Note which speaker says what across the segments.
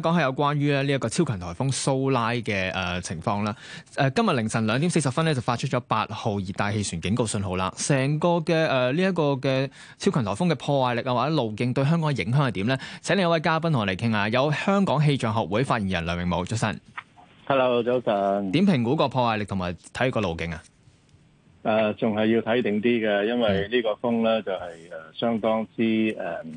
Speaker 1: 講下有關於咧呢一個超強台風蘇拉嘅誒情況啦。誒、呃，今日凌晨兩點四十分咧就發出咗八號熱帶氣旋警告信號啦。成個嘅誒呢一個嘅超強台風嘅破壞力啊或者路徑對香港影響係點咧？請另一位嘉賓同我嚟傾下。有香港氣象學會發言人梁榮武早晨。Hello，早晨。點評估個破壞力同埋睇個路徑啊？誒，仲係要睇定啲嘅，因為呢個風咧就
Speaker 2: 係誒相當之誒。Um,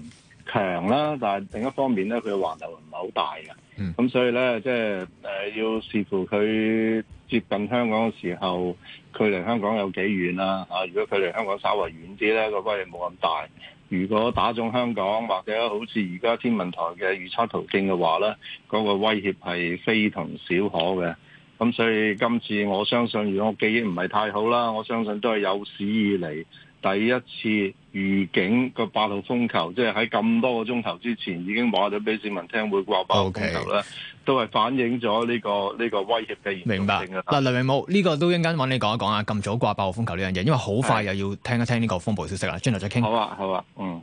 Speaker 2: 強啦，但係另一方面咧，佢嘅環流唔係好大嘅，咁所以咧，即係誒、呃、要視乎佢接近香港嘅時候，距離香港有幾遠啦？嚇、啊，如果距離香港稍微遠啲咧，嗰個威力冇咁大；如果打中香港或者好似而家天文台嘅預測途徑嘅話咧，嗰、那個威脅係非同小可嘅。咁所以今次我相信，如果我記憶唔係太好啦，我相信都係有史以嚟。第一次預警個八號風球，即係喺咁多個鐘頭之前已經話咗俾市民聽會掛八號風球啦，Okay. 都係反映咗呢、這個呢、這個威脅嘅嚴重性啊！明
Speaker 1: 白。嗱，梁明武呢個都應間揾你講一講啊！咁早掛八號風球呢樣嘢，因為好快又要聽一聽呢個風暴消息啦，轉頭再傾。好啊，好啊，嗯。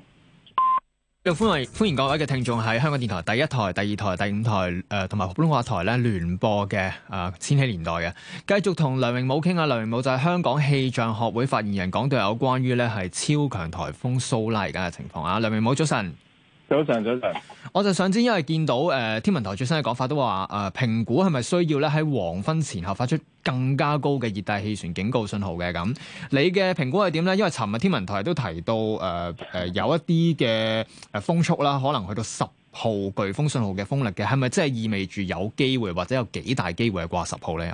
Speaker 1: 歡迎，歡迎各位嘅聽眾係香港電台第一台、第二台、第五台誒同埋普通話台咧聯播嘅誒、呃、千禧年代嘅，繼續同梁榮武傾下。梁榮武就係香港氣象學會發言人，講到有關於咧係超強颱風蘇拉而家嘅情況啊。梁榮武早，早晨，
Speaker 2: 早晨早晨。
Speaker 1: 我就想知，因為見到誒、呃、天文台最新嘅講法都話誒、呃、評估係咪需要咧喺黃昏前後發出？更加高嘅熱帶氣旋警告信號嘅。咁你嘅評估係點咧？因為尋日天文台都提到誒誒、呃呃、有一啲嘅風速啦，可能去到十號颶風信號嘅風力嘅，係咪真係意味住有機會或者有幾大機會係掛十號咧？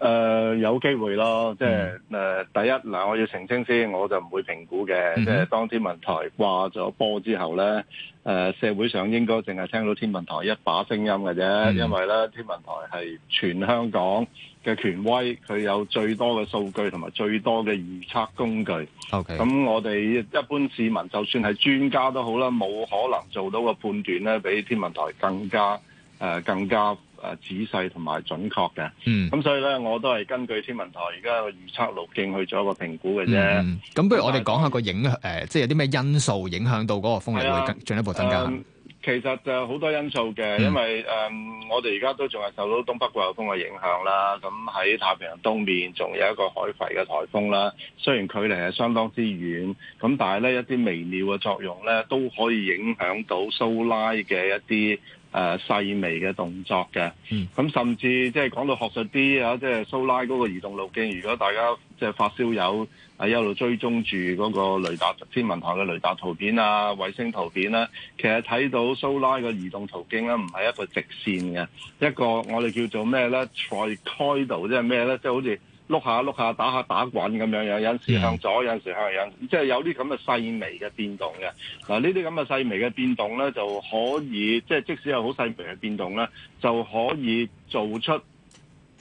Speaker 2: 誒、呃、有機會咯，即係誒、呃、第一嗱，我要澄清先，我就唔會評估嘅。嗯、即係當天文台掛咗波之後咧，誒、呃、社會上應該淨係聽到天文台一把聲音嘅啫，嗯、因為咧天文台係全香港嘅權威，佢有最多嘅數據同埋最多嘅預測工具。OK，咁我哋一般市民就算係專家都好啦，冇可能做到個判斷咧，比天文台更加誒、呃、更加。啊、呃，仔細同埋準確嘅，咁、嗯、所以咧，我都係根據天文台而家個預測路徑去做一個評估嘅啫。
Speaker 1: 咁、嗯、不如我哋講是下個影響，誒、呃，即係有啲咩因素影響到嗰個風力會進一步增加？嗯、
Speaker 2: 其實就好多因素嘅，因為誒、嗯嗯、我哋而家都仲係受到東北季候風嘅影響啦。咁喺太平洋東面仲有一個海葵嘅颱風啦。雖然距離係相當之遠，咁但係咧一啲微妙嘅作用咧都可以影響到蘇拉嘅一啲。誒、呃、細微嘅動作嘅，咁、嗯、甚至即係講到學術啲啊，即係蘇拉嗰個移動路徑。如果大家即係發燒友一路追蹤住嗰個雷達天文台嘅雷達圖片啊、衛星圖片啦，其實睇到蘇拉嘅移動途徑咧，唔係一個直線嘅，一個我哋叫做咩咧？trochoidal 即係咩咧？即係、就是、好似。碌下碌下，打下打滾咁樣，有陣時向左，有陣時，時向右，即係有啲咁嘅細微嘅變動嘅。嗱，呢啲咁嘅細微嘅變動咧，就可以即係即使有好細微嘅變動咧，就可以做出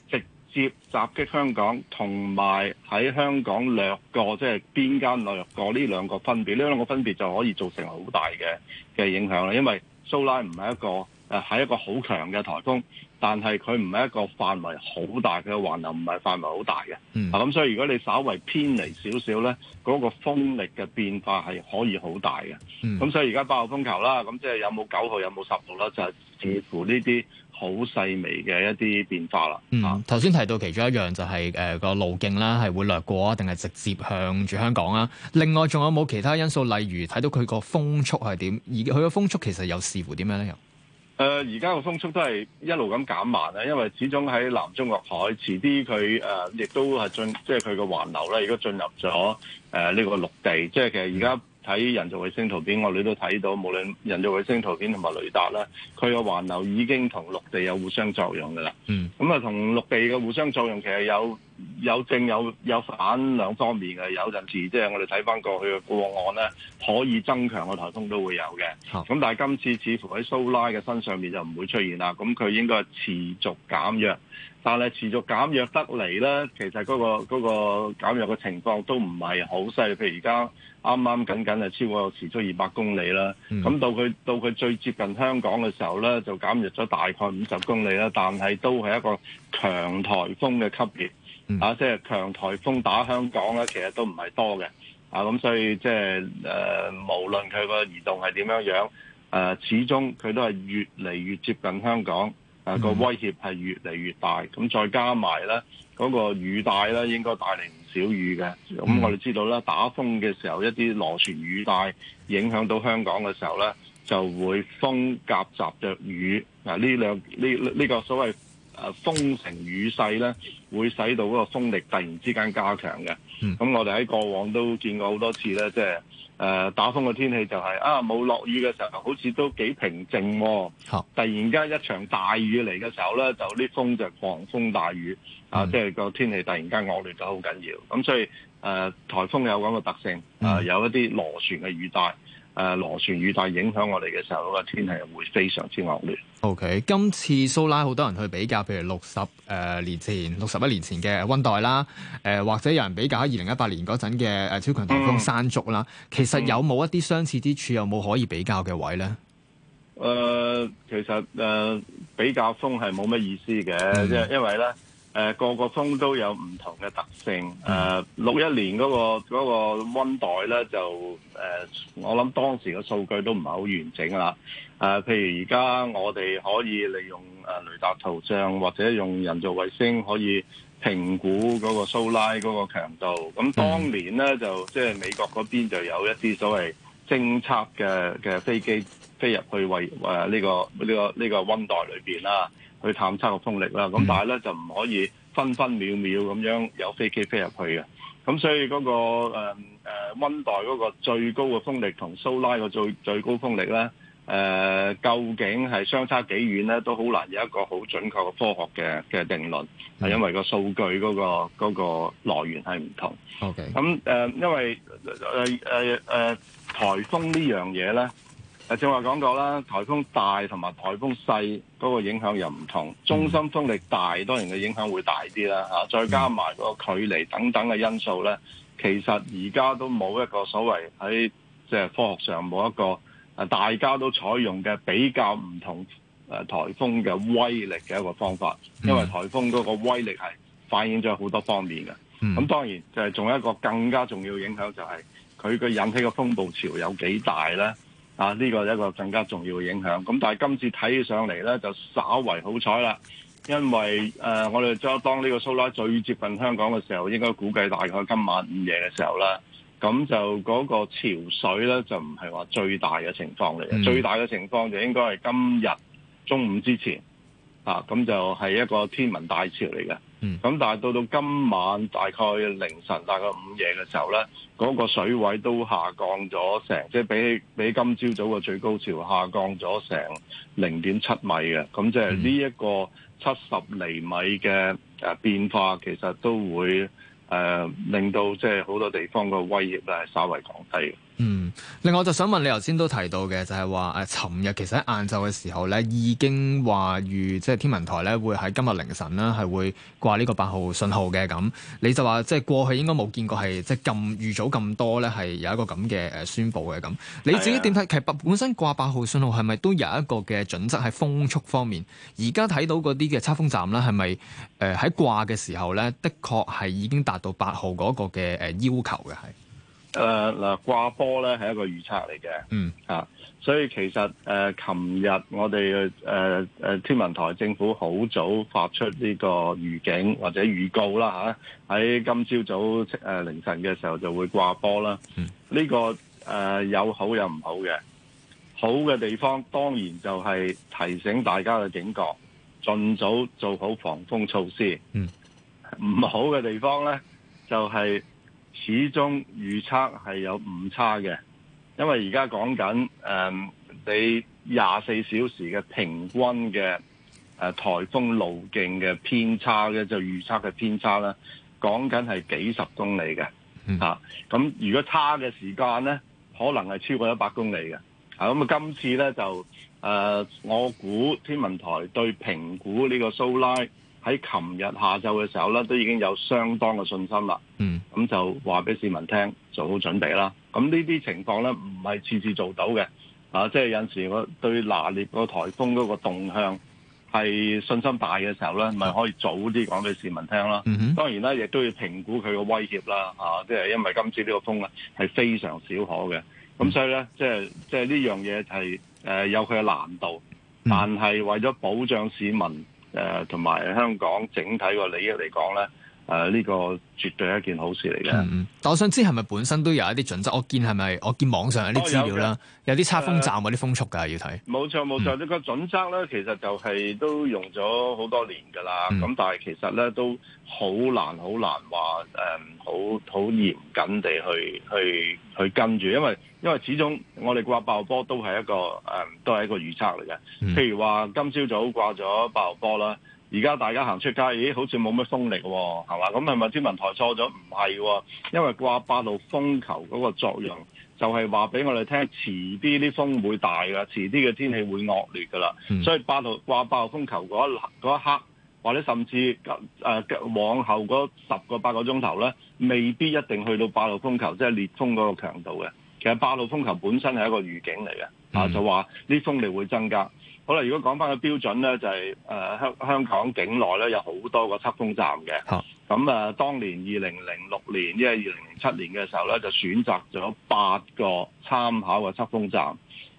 Speaker 2: 直接襲擊香港，同埋喺香港掠過，即係邊間掠過呢兩個分別，呢兩個分別就可以造成好大嘅嘅影響啦。因為蘇拉唔係一個。誒係一個好強嘅颱風，但係佢唔係一個範圍好大嘅環流，唔係範圍好大嘅。嗯、啊，咁所以如果你稍為偏離少少咧，嗰、那個風力嘅變化係可以好大嘅。咁、嗯、所以而家八號風球啦，咁即係有冇九號，有冇十號啦，就係、是、視乎呢啲好細微嘅一啲變化啦。嗯，
Speaker 1: 頭先提到其中一樣就係、是、誒、呃那個路徑啦，係會掠過啊，定係直接向住香港啊？另外仲有冇其他因素，例如睇到佢個風速係點？而佢個風速其實又視乎點樣咧？
Speaker 2: 誒而家個風速都係一路咁減慢啦，因為始終喺南中國海，遲啲佢誒亦都係進，即係佢個環流咧，而家進入咗誒呢個陸地，即係其實而家睇人造衛星圖片，我哋都睇到，無論人造衛星圖片同埋雷達啦，佢個環流已經同陸地有互相作用噶啦。嗯，咁啊、嗯，同陸地嘅互相作用其實有。有正有有反兩方面嘅，有陣時即係我哋睇翻過去嘅個案咧，可以增強嘅颱風都會有嘅。咁但係今次似乎喺蘇拉嘅身上面就唔會出現啦。咁佢應該係持續減弱，但係持續減弱得嚟咧，其實嗰個嗰個減弱嘅情況都唔係好犀利。譬如而家啱啱僅僅係超過時速二百公里啦。咁、嗯、到佢到佢最接近香港嘅時候咧，就減弱咗大概五十公里啦。但係都係一個強颱風嘅級別。嗯、啊，即係強颱風打香港咧，其實都唔係多嘅。啊，咁所以即係誒，無論佢個移動係點樣樣，誒、啊，始終佢都係越嚟越接近香港，誒、啊，個威脅係越嚟越大。咁、啊、再加埋咧，嗰、嗰個雨帶咧，應該帶嚟唔少雨嘅。咁我哋知道咧，打風嘅時候，一啲螺旋雨帶影響到香港嘅時候咧，就會風夾雜着雨。啊，呢兩呢呢、呢個所謂。誒風盛雨勢咧，會使到嗰個風力突然之間加強嘅。咁、嗯、我哋喺過往都見過好多次咧，即係誒打風嘅天氣就係、是、啊冇落雨嘅時候，好似都幾平靜喎、哦。啊、突然間一場大雨嚟嘅時候咧，就啲風就狂風大雨啊，嗯、即係個天氣突然間惡劣到好緊要。咁所以誒、呃，颱風有咁嘅特性，誒、呃、有一啲螺旋嘅雨帶。誒螺、呃、旋雨帶影響我哋嘅時候，個天氣會非常之惡劣。O、
Speaker 1: okay, K，今次蘇拉好多人去比較，譬如六十誒年前、六十一年前嘅溫黛啦，誒、呃、或者有人比較二零一八年嗰陣嘅誒超強颱風山竹啦，其實有冇一啲相似之處，嗯、有冇可以比較嘅位咧？誒、
Speaker 2: 呃，其實誒、呃、比較風係冇乜意思嘅，即係、嗯、因為咧。誒、uh, 個個風都有唔同嘅特性。誒六一年嗰、那個嗰、那個溫黛咧就誒，uh, 我諗當時嘅數據都唔係好完整喇。誒、uh，譬如而家我哋可以利用誒雷達圖像或者用人造衛星可以評估嗰個蘇拉嗰個強度。咁當年咧就即係美國嗰邊就有一啲所謂偵察嘅嘅飛機飛入去為誒呢個呢個呢個溫黛裏邊啦。去探測個風力啦，咁但係咧就唔可以分分秒秒咁樣由飛機飛入去嘅，咁所以嗰、那個誒誒、呃、溫帶嗰個最高嘅風力同蘇拉個最最高風力咧，誒、呃、究竟係相差幾遠咧，都好難有一個好準確嘅科學嘅嘅定論，係、嗯、因為個數據嗰、那個嗰、那個、來源係唔同。OK，咁誒、嗯呃、因為誒誒誒颱風呢樣嘢咧。誒正話講過啦，颱風大同埋颱風細嗰個影響又唔同，中心風力大當然嘅影響會大啲啦。嚇，再加埋嗰個距離等等嘅因素咧，其實而家都冇一個所謂喺即係科學上冇一個誒大家都採用嘅比較唔同誒颱風嘅威力嘅一個方法，因為颱風嗰個威力係反映咗好多方面嘅。咁當然就係仲有一個更加重要影響就係佢嘅引起嘅風暴潮有幾大咧。啊！呢、這個一個更加重要嘅影響。咁但係今次睇起上嚟咧，就稍為好彩啦。因為誒、呃，我哋將當呢個蘇拉最接近香港嘅時候，應該估計大概今晚午夜嘅時候啦。咁就嗰個潮水咧，就唔係話最大嘅情況嚟嘅。嗯、最大嘅情況就應該係今日中午之前。啊，咁、嗯、就係、是、一個天文大潮嚟嘅。咁、嗯、但係到到今晚大概凌晨大概午夜嘅時候咧，嗰、那個水位都下降咗成，即係比比今朝早個最高潮下降咗成零點七米嘅，咁即係呢一個七十厘米嘅誒變化，其實都會誒、呃、令到即係好多地方個威脅咧稍為降低。
Speaker 1: 嗯，另外我就想問你，頭先都提到嘅就係話，誒，尋日其實喺晏晝嘅時候咧，已經話預即係天文台咧會喺今日凌晨啦，係會掛呢個八號信號嘅咁。你就話即係過去應該冇見過係即係咁預早咁多咧，係有一個咁嘅誒宣佈嘅咁。你自己點睇？Yeah. 其實本身掛八號信號係咪都有一個嘅準則喺風速方面？而家睇到嗰啲嘅測風站咧，係咪誒喺掛嘅時候咧，的確係已經達到八號嗰個嘅誒要求嘅係？
Speaker 2: 誒，嗱掛、呃、波咧係一個預測嚟嘅，嗯啊，所以其實誒，琴、呃、日我哋誒誒天文台政府好早發出呢個預警或者預告啦吓，喺、啊、今朝早誒、呃、凌晨嘅時候就會掛波啦。呢、這個誒、呃、有好有唔好嘅，好嘅地方當然就係提醒大家嘅警覺，盡早做好防風措施。嗯，唔好嘅地方咧就係、是。始終預測係有誤差嘅，因為而家講緊誒、呃，你廿四小時嘅平均嘅誒、呃、颱風路徑嘅偏差咧，就預測嘅偏差啦，講緊係幾十公里嘅吓，咁、啊、如果差嘅時間咧，可能係超過一百公里嘅，啊咁啊今次咧就誒、呃，我估天文台對評估呢個蘇拉。喺琴日下晝嘅時候咧，都已經有相當嘅信心啦。嗯、mm，咁、hmm。就話俾市民聽做好準備啦。咁呢啲情況咧，唔係次次做到嘅。啊，即係有陣時我對拿捏個颱風嗰個動向係信心大嘅時候咧，咪、oh。可以早啲講俾市民聽啦。Mm hmm。當然啦，亦都要評估佢嘅威脅啦。啊，即係因為今次呢個風咧係非常少可嘅。咁所以咧，即係即係呢樣嘢係誒有佢嘅難度，但係為咗保障市民。誒，同埋香港整體個利益嚟講咧。誒，呢、啊，這個
Speaker 1: 絕對係一件好事嚟嘅、嗯。但我想知係咪本身都有一啲準則？我見係咪？我見網上有啲資料啦、哦，有啲測風站嗰啲、呃、風速嘅要睇。
Speaker 2: 冇錯冇錯，呢、這個準則咧，其實就係都用咗好多年㗎啦。咁、嗯、但係其實咧都好難好難話，誒好好嚴謹地去去去跟住，因為因為始終我哋掛爆波都係一個誒、嗯，都係一個預測嚟嘅。譬如話今朝早掛咗爆波啦。而家大家行出街，咦？好似冇乜風力喎、哦，係嘛？咁係咪天文台錯咗？唔係、哦，因為掛八號風球嗰個作用，就係話俾我哋聽，遲啲啲風會大噶，遲啲嘅天氣會惡劣噶啦。嗯、所以八號掛八號風球嗰嗰一刻，或者甚至誒、呃、往後嗰十個八個鐘頭咧，未必一定去到八號風球，即係烈風嗰個強度嘅。其實八號風球本身係一個預警嚟嘅，嗯、啊，就話啲風力會增加。好啦，如果講翻個標準咧，就係誒香香港境內咧有好多個測風站嘅。好咁誒，當年二零零六年，因為二零零七年嘅時候咧，就選擇咗八個參考嘅測風站。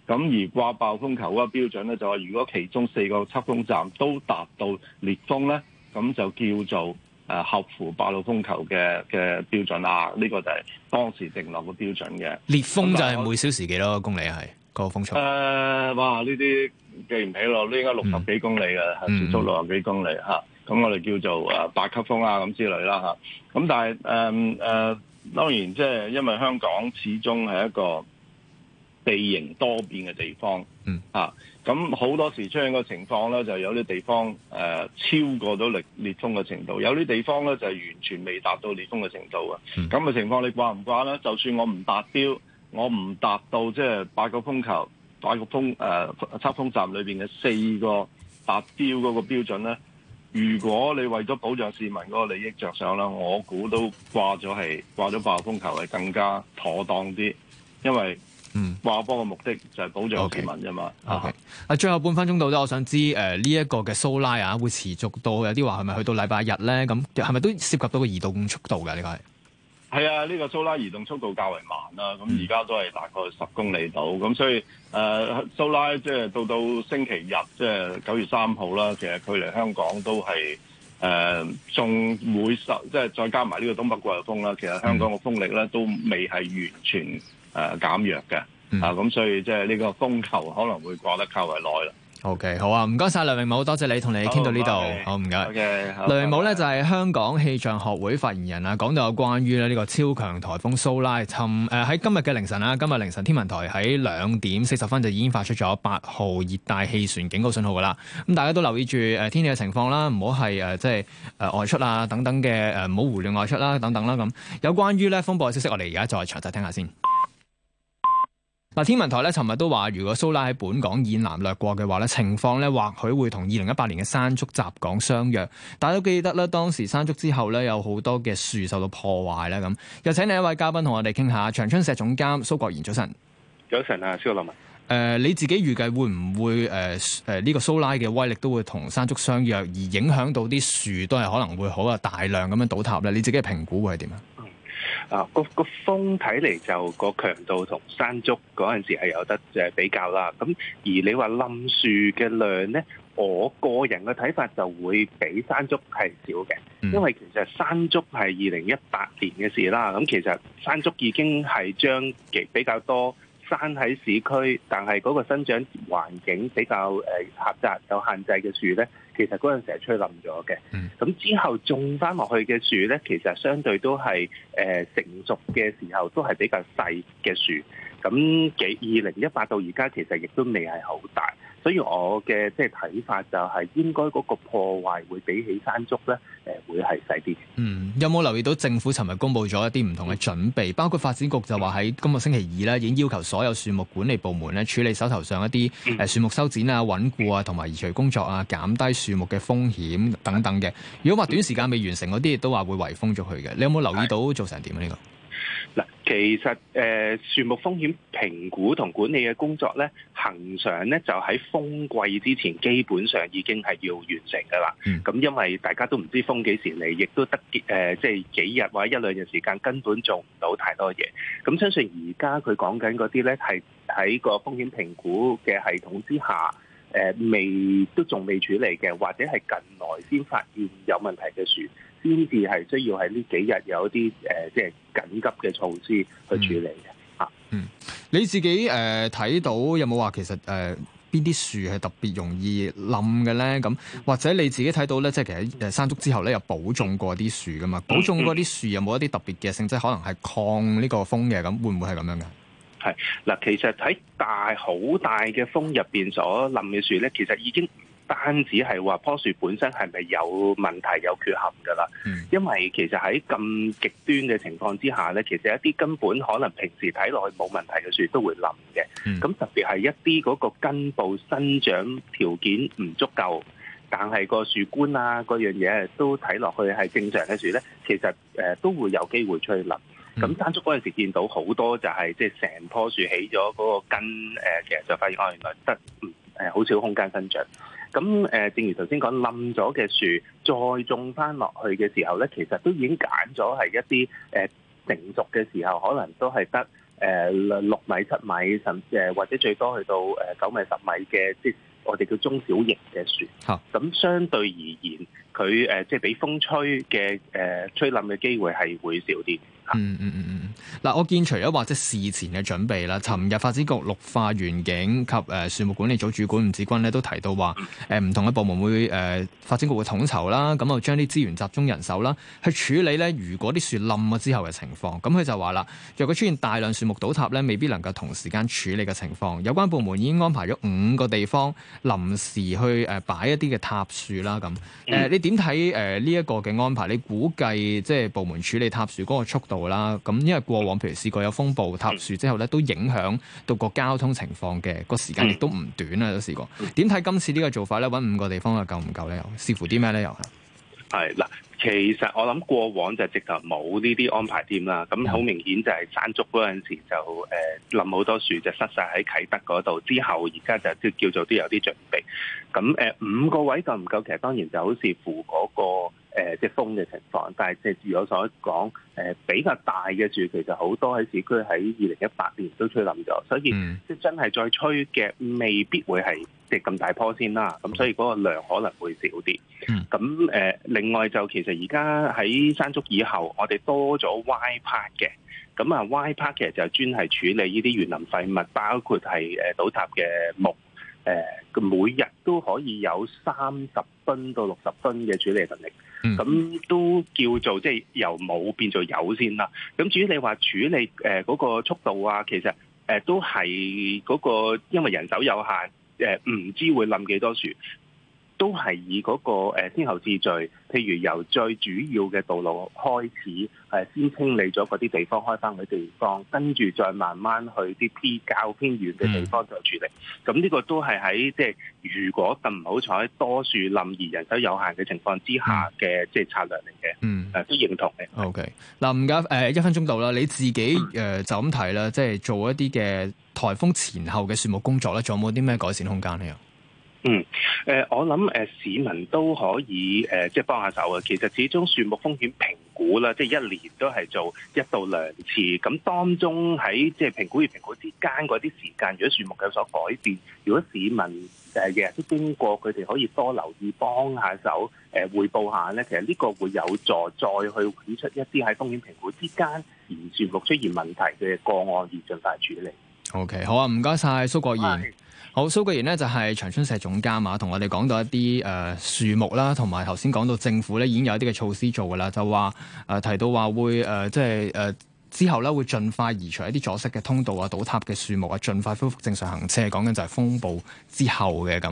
Speaker 2: 咁而掛暴風球嘅標準咧，就係、是、如果其中四個測風站都達到烈風咧，咁就叫做誒、呃、合乎八號風球嘅嘅標準啊。呢、這個就係當時定立個標準嘅。
Speaker 1: 烈風就係每小時幾多公里啊？係、那個風速誒、呃？哇！呢啲～記唔起咯，應該六十幾
Speaker 2: 公里嘅時足六十幾公里嚇，咁、嗯啊、我哋叫做啊八級風啊咁之類啦嚇。咁、啊、但係誒誒，當然即係因為香港始終係一個地形多變嘅地方，嚇、嗯。咁好、啊、多時出現個情況咧，就係、有啲地方誒、呃、超過到烈烈風嘅程度，有啲地方咧就係、是、完全未達到烈風嘅程度嘅。咁嘅、嗯、情況你掛唔掛咧？就算我唔達標，我唔達到即係八個風球。八個風誒測風站裏邊嘅四個達標嗰個標準咧，如果你為咗保障市民嗰個利益着想啦，我估都掛咗係掛咗八號風球係更加妥當啲，因為掛風嘅目的就係保障市民啫嘛。嗯、okay,
Speaker 1: okay. 啊，最後半分鐘到啦，我想知誒呢一個嘅蘇拉啊會持續到有啲話係咪去到禮拜日咧？咁係咪都涉及到個移動速度嘅呢、這個？
Speaker 2: 係啊，呢、這個蘇拉移動速度較為慢啦，咁而家都係大概十公里度。咁所以誒、呃、蘇拉即係到到星期日即係九月三號啦，其實佢嚟香港都係誒仲會受，即係再加埋呢個東北季候風啦，其實香港嘅風力咧都未係完全誒減弱嘅，嗯、啊咁所以即係呢、這個風球可能會過得較為耐啦。
Speaker 1: O、okay, K，好啊，唔該晒梁榮武，多謝你同你傾到呢度，好唔該。梁榮武咧就係香港氣象學會發言人啊，講到有關於咧呢個超強颱風蘇拉，沉誒喺今日嘅凌晨啦，今日凌晨天文台喺兩點四十分就已經發出咗八號熱帶氣旋警告信號噶啦，咁大家都留意住誒、呃、天氣嘅情況啦，唔好係誒即係誒外出啊等等嘅誒，唔好胡亂外出啦、啊、等等啦咁。有關於咧風暴嘅消息我聽聽聽，我哋而家再詳細聽下先。嗱，天文台咧，尋日都話，如果蘇拉喺本港以南掠過嘅話咧，情況咧或許會同二零一八年嘅山竹襲港相若，大家都記得咧，當時山竹之後咧，有好多嘅樹受到破壞啦，咁，又請另一位嘉賓同我哋傾下，長春社總監蘇國賢早晨，早晨啊，蘇立文，誒、呃，你自己預計會唔會誒誒呢個蘇拉嘅威力都會同山竹相若，而影響到啲樹都係可能會好啊大量咁樣倒塌咧，你自己嘅評估會係點啊？
Speaker 3: 啊！個個風睇嚟，就個強度同山竹嗰陣時係有得誒比較啦。咁而你話冧樹嘅量咧，我個人嘅睇法就會比山竹係少嘅，因為其實山竹係二零一八年嘅事啦。咁其實山竹已經係將極比較多。山喺市區，但係嗰個生長環境比較誒狹窄有限制嘅樹咧，其實嗰陣時係吹冧咗嘅。咁之後種翻落去嘅樹咧，其實相對都係誒、呃、成熟嘅時候都係比較細嘅樹。咁幾二零一八到而家，其實亦都未係好大。所以我嘅即係睇法就係應該嗰個破壞會比起山竹咧，誒、呃、會係細啲。
Speaker 1: 嗯，有冇留意到政府尋日公布咗一啲唔同嘅準備，包括發展局就話喺今個星期二咧已經要求所有樹木管理部門咧處理手頭上一啲誒、嗯呃、樹木修剪啊、穩固啊同埋移除工作啊，減低樹木嘅風險等等嘅。如果話短時間未完成嗰啲，亦都話會圍封咗佢嘅。你有冇留意到做成點啊？呢、呢個
Speaker 3: 其實誒、呃、樹木風險評估同管理嘅工作咧，恒常咧就喺風季之前，基本上已經係要完成㗎啦。咁、嗯、因為大家都唔知風幾時嚟，亦都得幾、呃、即係幾日或者一兩日時間根本做唔到太多嘢。咁相信而家佢講緊嗰啲咧，係喺個風險評估嘅系統之下，誒、呃、未都仲未處理嘅，或者係近來先發現有問題嘅樹。先至係需要喺呢幾日有一啲誒、呃，即係緊急嘅措施去處理嘅嚇、嗯。
Speaker 1: 嗯，你自己誒睇、呃、到有冇話其實誒邊啲樹係特別容易冧嘅咧？咁或者你自己睇到咧，即係其實山竹之後咧又補種過啲樹噶嘛？補種過啲樹有冇一啲特別嘅性質，嗯嗯、可能係抗呢個風嘅？咁會唔會係咁樣嘅？
Speaker 3: 係嗱，其實喺大好大嘅風入邊所冧嘅樹咧，其實已經單止係話樖樹本身係咪有問題、有缺陷㗎啦？因為其實喺咁極端嘅情況之下咧，其實一啲根本可能平時睇落去冇問題嘅樹都會冧嘅。咁特別係一啲嗰個根部生長條件唔足夠，但係個樹冠啊嗰樣嘢都睇落去係正常嘅樹咧，其實誒都會有機會出去冧。咁山竹嗰陣時見到好多就係即係成樖樹起咗嗰個根誒，其實就發現哦，原來得誒好少空間生長。咁誒，正如頭先講冧咗嘅樹，再種翻落去嘅時候咧，其實都已經揀咗係一啲誒成熟嘅時候，可能都係得誒六米七米，甚至或者最多去到誒九米十米嘅，即係我哋叫中小型嘅樹。嚇，咁相對而言。佢誒即係俾風吹嘅誒吹冧嘅機會係會少啲。嗯
Speaker 1: 嗯嗯嗯。嗱，我見除咗或者事前嘅準備啦，尋日發展局綠化園景及誒樹木管理組主管吳志軍咧都提到話誒唔同嘅部門會誒、呃、發展局嘅統籌啦，咁啊將啲資源集中人手啦，去處理咧如果啲樹冧咗之後嘅情況，咁佢就話啦，若果出現大量樹木倒塌咧，未必能夠同時間處理嘅情況，有關部門已經安排咗五個地方臨時去誒擺一啲嘅塌樹啦，咁誒呢點睇誒呢一個嘅安排？你估計即係部門處理塌樹嗰個速度啦。咁因為過往譬如試過有風暴塌樹之後咧，都影響到個交通情況嘅，個時間亦都唔短啦。都試過。點睇今次呢個做法咧？揾五個地方又夠唔夠咧？又視乎啲咩咧？又係
Speaker 3: 係嗱。其實我諗過往就直頭冇呢啲安排添啦，咁好明顯就係山竹嗰陣時就誒冧好多樹，就塞晒喺啟德嗰度。之後而家就叫叫做都有啲準備。咁誒、呃、五個位夠唔夠？其實當然就好似扶嗰、嗰個。誒、呃、即風嘅情況，但係即、就是、如我所講，誒、呃、比較大嘅樹其實好多喺市區喺二零一八年都吹冧咗，所以、mm. 即真係再吹嘅未必會係即咁大坡先啦，咁所以嗰個量可能會少啲。咁誒、呃、另外就其實而家喺山竹以後，我哋多咗 Ypark 嘅，咁啊 Ypark 其實就專係處理呢啲園林廢物，包括係誒倒塌嘅木，誒、呃、佢每日都可以有三十噸到六十噸嘅處理能力。咁、嗯、都叫做即係由冇變做有先啦。咁至於你話處理誒嗰、呃那個速度啊，其實誒、呃、都係嗰、那個，因為人手有限，誒、呃，唔知會冧幾多樹。都係以嗰個誒先後次序，譬如由最主要嘅道路開始，係先清理咗嗰啲地方，開翻嗰啲地方，跟住再慢慢去啲比較偏遠嘅地方就處理。咁呢、嗯、個都係喺即係如果咁唔好彩多樹冧而人手有限嘅情況之下嘅即係策略嚟嘅。嗯，誒、啊、都認同嘅。
Speaker 1: O K. 嗱，唔該誒一分鐘到啦。你自己誒、呃、就咁睇啦，即係做一啲嘅颱風前後嘅樹木工作啦。仲有冇啲咩改善空間呢？又？
Speaker 3: 嗯，誒、呃，我諗誒、呃、市民都可以誒、呃，即係幫下手啊。其實始終樹木風險評估啦，即係一年都係做一到兩次。咁當中喺即係評估與評估之間嗰啲時間，如果樹木有所改變，如果市民誒日日都經過，佢哋可以多留意，幫下手，誒、呃、匯報下咧。其實呢個會有助，再去檢出一啲喺風險評估之間，而樹木出現問題嘅個案而盡快處理。
Speaker 1: OK，好啊，唔該晒蘇國賢。啊好，蘇國賢咧就係長春社總監啊，同我哋講到一啲誒樹木啦，同埋頭先講到政府咧已經有一啲嘅措施做噶啦，就話誒、呃、提到話會誒即係誒之後咧會盡快移除一啲阻塞嘅通道啊、倒塌嘅樹木啊，盡快恢復正常行車，講緊就係風暴之後嘅咁。